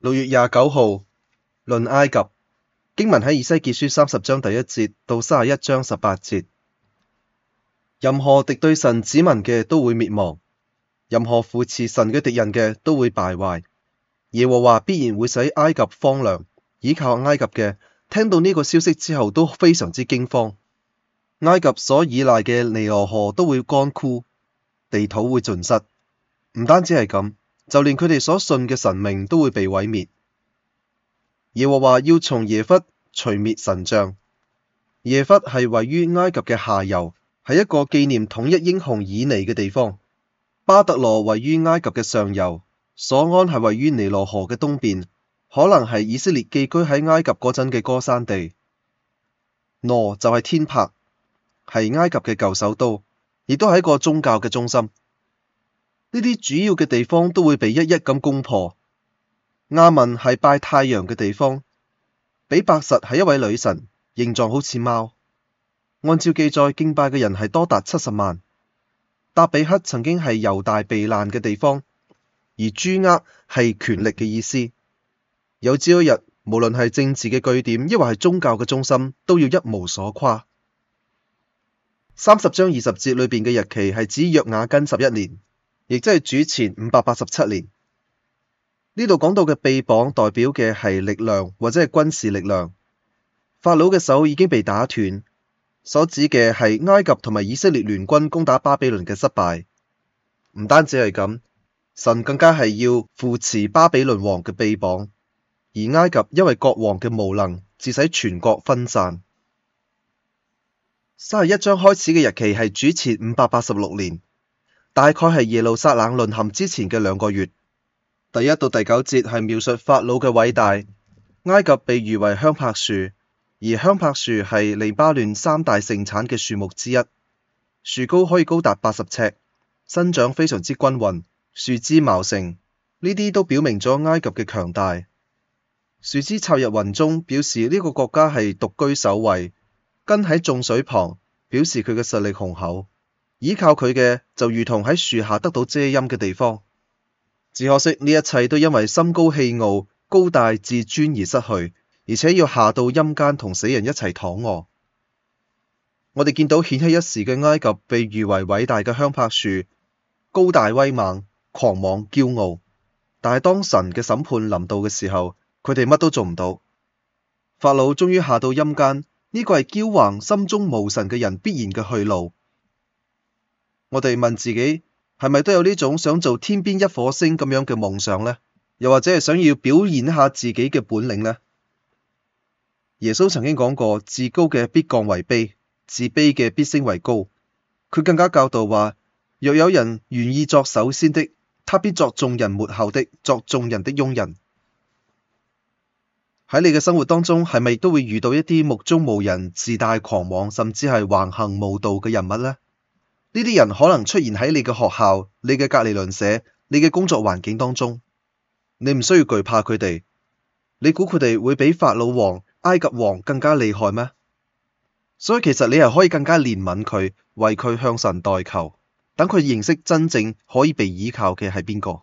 六月廿九號，論埃及，經文喺以西結書三十章第一節到三十一章十八節，任何敵對神子民嘅都會滅亡，任何扶持神嘅敵人嘅都會敗壞。耶和華必然會使埃及荒涼，依靠埃及嘅聽到呢個消息之後都非常之驚慌。埃及所依賴嘅尼羅河都會乾枯，地土會盡失。唔單止係咁。就連佢哋所信嘅神明都會被毀滅。耶和華要從耶弗除滅神像。耶弗係位於埃及嘅下游，係一個紀念統一英雄以尼嘅地方。巴特羅位於埃及嘅上游，索安係位於尼羅河嘅東邊，可能係以色列寄居喺埃及嗰陣嘅歌珊地。挪就係天柏，係埃及嘅舊首都，亦都係一個宗教嘅中心。呢啲主要嘅地方都會被一一咁攻破。亞文係拜太陽嘅地方，比伯實係一位女神，形狀好似貓。按照記載，敬拜嘅人係多達七十萬。達比克曾經係猶大避難嘅地方，而朱厄係權力嘅意思。有朝一日，無論係政治嘅據點，抑或係宗教嘅中心，都要一無所誇。三十章二十節裏邊嘅日期係指約雅斤十一年。亦即係主前五百八十七年，呢度講到嘅臂膀代表嘅係力量或者係軍事力量，法老嘅手已經被打斷，所指嘅係埃及同埋以色列聯軍攻打巴比倫嘅失敗。唔單止係咁，神更加係要扶持巴比倫王嘅臂膀，而埃及因為國王嘅無能，致使全國分散。三十一章開始嘅日期係主前五百八十六年。大概係耶路撒冷淪陷之前嘅兩個月。第一到第九節係描述法老嘅偉大。埃及被譽為香柏樹，而香柏樹係黎巴嫩三大盛產嘅樹木之一。樹高可以高達八十尺，生長非常之均勻，樹枝茂盛，呢啲都表明咗埃及嘅強大。樹枝插入雲中，表示呢個國家係獨居首位；根喺眾水旁，表示佢嘅實力雄厚。依靠佢嘅就如同喺樹下得到遮陰嘅地方，只可惜呢一切都因為心高氣傲、高大自尊而失去，而且要下到陰間同死人一齊躺臥。我哋見到顯赫一時嘅埃及被譽為偉大嘅香柏樹，高大威猛、狂妄驕傲，但係當神嘅審判臨到嘅時候，佢哋乜都做唔到。法老終於下到陰間，呢、這個係驕橫、心中無神嘅人必然嘅去路。我哋問自己，係咪都有呢種想做天邊一火星咁樣嘅夢想呢？又或者係想要表現一下自己嘅本領呢？耶穌曾經講過，自高嘅必降為卑，自卑嘅必升為高。佢更加教導話：若有人願意作首先的，他必作眾人末後的，作眾人的傭人。喺你嘅生活當中，係咪都會遇到一啲目中無人、自大狂妄，甚至係橫行無道嘅人物呢？呢啲人可能出現喺你嘅學校、你嘅隔籬鄰舍、你嘅工作環境當中，你唔需要懼怕佢哋。你估佢哋會比法老王、埃及王更加厲害咩？所以其實你係可以更加憐憫佢，為佢向神代求，等佢認識真正可以被倚靠嘅係邊個。